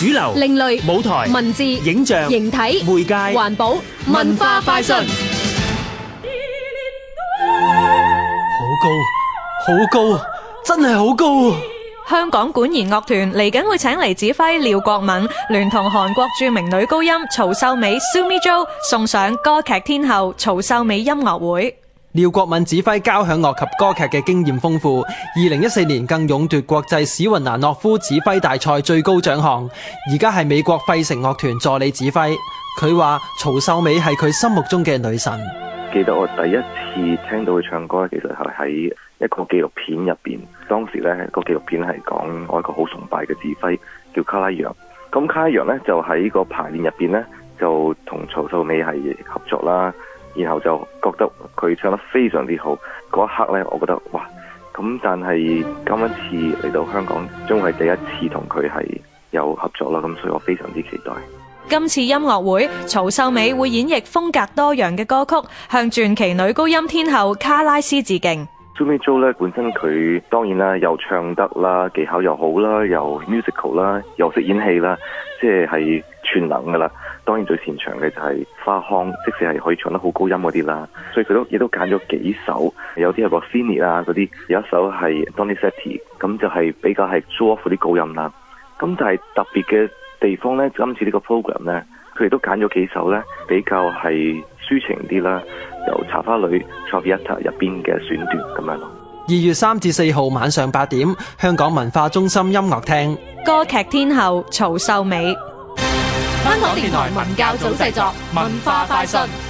主流、另類舞台、文字、影像、形體、媒介、環保、文化快訊。好高，好高，真係好高啊！香港管弦樂團嚟緊會請嚟指揮廖國敏，聯同韓國著名女高音曹秀美 （Sumi Jo） 送上歌劇天后曹秀美音樂會。廖國敏指揮交響樂及歌劇嘅經驗豐富，二零一四年更勇奪國際史雲蘭諾夫指揮大賽最高獎項，而家係美國費城樂團助理指揮。佢話曹秀美係佢心目中嘅女神。記得我第一次聽到佢唱歌，其實係喺一個紀錄片入邊，當時呢，個紀錄片係講我一個好崇拜嘅指揮叫卡拉揚，咁卡拉揚呢，就喺個排練入邊呢，就同曹秀美係合作啦。然後就覺得佢唱得非常之好，嗰一刻呢，我覺得哇！咁但係今一次嚟到香港，終係第一次同佢係有合作啦，咁所以我非常之期待。今次音樂會，曹秀美會演繹風格多樣嘅歌曲，向傳奇女高音天后卡拉斯致敬。Tommy Jo 咧本身佢當然啦，又唱得啦，技巧又好啦，又 musical 啦，又識演戲啦，即係全能噶啦。當然最擅長嘅就係花腔，即使係可以唱得好高音嗰啲啦。所以佢都亦都揀咗幾首，有啲係個 s i n i e 啊嗰啲，有一首係 Donizetti 咁就係比較係 show off 啲高音啦。咁但係特別嘅地方咧，今次呢個 program 咧，佢亦都揀咗幾首咧，比較係。抒情啲啦，由《茶花女》c o p p 入邊嘅選段咁樣囉。二月三至四號晚上八點，香港文化中心音樂廳，歌劇天后曹秀美。香港電台文教組製作，文化快訊。